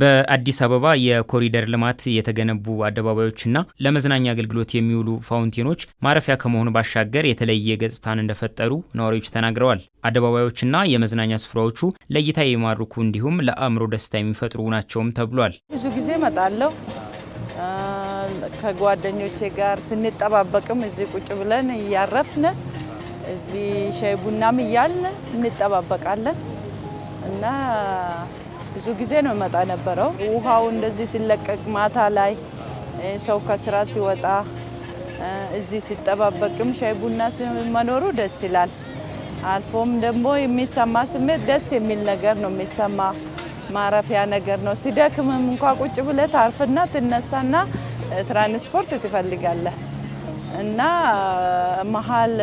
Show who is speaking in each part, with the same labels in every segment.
Speaker 1: በአዲስ አበባ የኮሪደር ልማት የተገነቡ አደባባዮችና ለመዝናኛ አገልግሎት የሚውሉ ፋውንቴኖች ማረፊያ ከመሆኑ ባሻገር የተለየ ገጽታን እንደፈጠሩ ነዋሪዎች ተናግረዋል። አደባባዮችና የመዝናኛ ስፍራዎቹ ለእይታ የማርኩ እንዲሁም ለአእምሮ ደስታ የሚፈጥሩ ናቸውም ተብሏል።
Speaker 2: ብዙ ጊዜ እመጣለሁ ከጓደኞቼ ጋር ስንጠባበቅም እዚህ ቁጭ ብለን እያረፍን እዚህ ሻይ ቡናም እያልን እንጠባበቃለን እና ብዙ ጊዜ ነው መጣ ነበረው። ውሃው እንደዚህ ሲለቀቅ ማታ ላይ ሰው ከስራ ሲወጣ እዚህ ሲጠባበቅም ሻይ ቡና መኖሩ ደስ ይላል። አልፎም ደግሞ የሚሰማ ስሜት ደስ የሚል ነገር ነው የሚሰማ ማረፊያ ነገር ነው። ሲደክምም እንኳ ቁጭ ብለህ ታርፍና ትነሳና ትራንስፖርት ትፈልጋለህ እና መሀል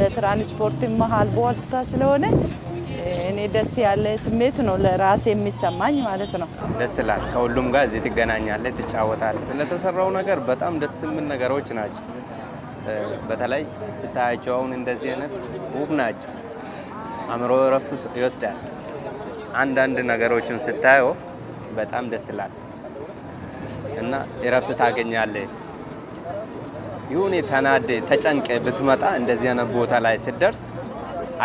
Speaker 2: ለትራንስፖርት መሀል ቦታ ስለሆነ እኔ ደስ ያለ ስሜት ነው ለራሴ የሚሰማኝ ማለት ነው።
Speaker 3: ደስ ይላል። ከሁሉም ጋር እዚህ ትገናኛለህ፣ ትጫወታለህ። ለተሰራው ነገር በጣም ደስ የምን ነገሮች ናቸው። በተለይ ስታያቸው አሁን እንደዚህ አይነት ውብ ናቸው። አእምሮ እረፍቱ ይወስዳል። አንዳንድ ነገሮችን ስታየው በጣም ደስ ይላል እና እረፍት ታገኛለህ። ይሁን ተናዴ ተጨንቀ ብትመጣ እንደዚህ አይነት ቦታ ላይ ስትደርስ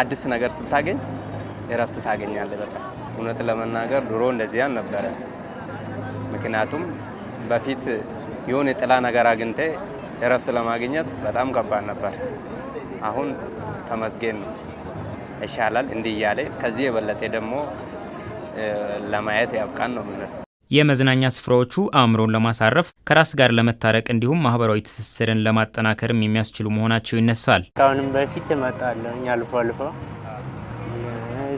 Speaker 3: አዲስ ነገር ስታገኝ እረፍት ታገኛለህ። በጣም እውነት ለመናገር ድሮ እንደዚህ ነበረ። ምክንያቱም በፊት የሆነ የጥላ ነገር አግኝቴ እረፍት ለማግኘት በጣም ከባድ ነበር። አሁን ተመስገን ነው፣ ይሻላል። እንዲህ እያለ ከዚህ የበለጠ ደግሞ ለማየት ያብቃን ነው ምንል።
Speaker 1: የመዝናኛ ስፍራዎቹ አእምሮን ለማሳረፍ ከራስ ጋር ለመታረቅ እንዲሁም ማህበራዊ ትስስርን ለማጠናከርም የሚያስችሉ መሆናቸው ይነሳል።
Speaker 4: ከአሁንም በፊት እመጣለሁ አልፎ አልፎ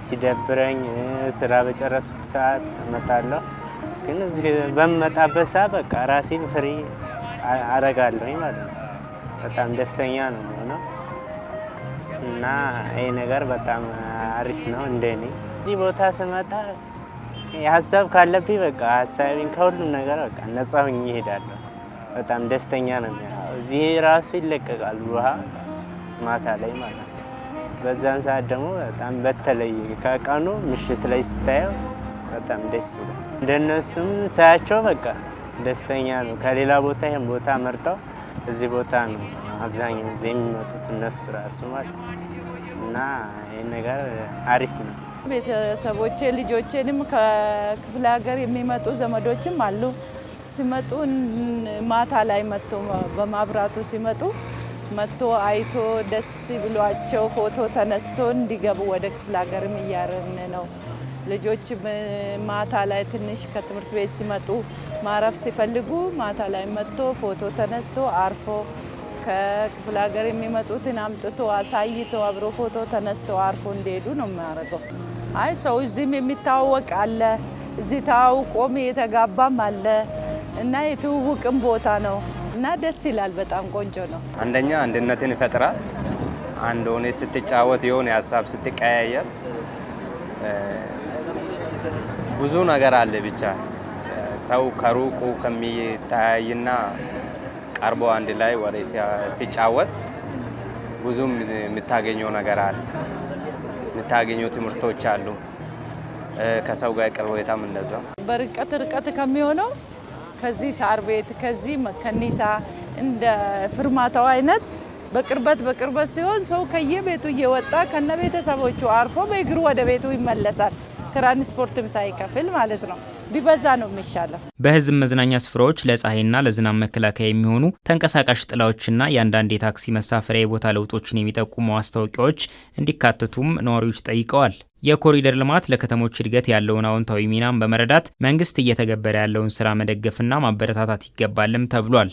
Speaker 4: ሲደብረኝ ስራ በጨረስኩ ሰዓት እመጣለሁ። ግን እዚህ በምመጣበት ሰዓት በቃ ራሴን ፍሪ አረጋለሁኝ ማለት ነው። በጣም ደስተኛ ነው የምሆነው እና ይህ ነገር በጣም አሪፍ ነው እንደኔ። እዚህ ቦታ ስመጣ የሀሳብ ካለብኝ በቃ ሀሳቤን ከሁሉም ነገር በቃ ነፃ ሁኜ እሄዳለሁ። በጣም ደስተኛ ነው። እዚህ ራሱ ይለቀቃል ውሃ ማታ ላይ ማለት ነው። በዛን ሰዓት ደግሞ በጣም በተለየ ከቀኑ ምሽት ላይ ስታየው በጣም ደስ ይላል። እንደነሱም ሳያቸው በቃ ደስተኛ ነው። ከሌላ ቦታ ይህን ቦታ መርጠው እዚህ ቦታ ነው አብዛኛው ጊዜ የሚመጡት እነሱ ራሱ ማለት እና ይህ ነገር አሪፍ ነው።
Speaker 2: ቤተሰቦቼ ልጆቼንም ከክፍለ ሀገር የሚመጡ ዘመዶችም አሉ። ሲመጡ ማታ ላይ መጥቶ በማብራቱ ሲመጡ መጥቶ አይቶ ደስ ብሏቸው ፎቶ ተነስቶ እንዲገቡ ወደ ክፍለ ሀገርም እያረን ነው። ልጆች ማታ ላይ ትንሽ ከትምህርት ቤት ሲመጡ ማረፍ ሲፈልጉ ማታ ላይ መጥቶ ፎቶ ተነስቶ አርፎ ከክፍለ ሀገር የሚመጡትን አምጥቶ አሳይቶ አብሮ ፎቶ ተነስቶ አርፎ እንዲሄዱ ነው የሚያደርገው። አይ ሰው እዚህም የሚታወቅ አለ፣ እዚህ ታውቆም የተጋባም አለ እና የትውውቅም ቦታ ነው። እና ደስ ይላል። በጣም ቆንጆ ነው።
Speaker 3: አንደኛ አንድነትን ይፈጥራል። አንድ ሆነ ስትጫወት የሆነ ሀሳብ ስትቀያየር ብዙ ነገር አለ። ብቻ ሰው ከሩቁ ከሚታያይና ቀርቦ አንድ ላይ ወደ ሲጫወት ብዙም የምታገኘው ነገር አለ። የምታገኘው ትምህርቶች አሉ። ከሰው ጋር ቅርቦታም እንደዛው
Speaker 2: በርቀት ርቀት ከሚሆነው ከዚህ ሳር ቤት ከዚህ መከኒሳ እንደ ፍርማታው አይነት በቅርበት በቅርበት ሲሆን ሰው ከየቤቱ እየወጣ ከነ ቤተሰቦቹ አርፎ በእግሩ ወደ ቤቱ ይመለሳል። ትራንስፖርትም ሳይከፍል ማለት ነው። ቢበዛ ነው የሚሻለው።
Speaker 1: በህዝብ መዝናኛ ስፍራዎች ለፀሐይና ለዝናብ መከላከያ የሚሆኑ ተንቀሳቃሽ ጥላዎችና የአንዳንድ የታክሲ መሳፈሪያ የቦታ ለውጦችን የሚጠቁሙ ማስታወቂያዎች እንዲካተቱም ነዋሪዎች ጠይቀዋል። የኮሪደር ልማት ለከተሞች እድገት ያለውን አዎንታዊ ሚናም በመረዳት መንግስት እየተገበረ ያለውን ስራ መደገፍና ማበረታታት ይገባልም ተብሏል።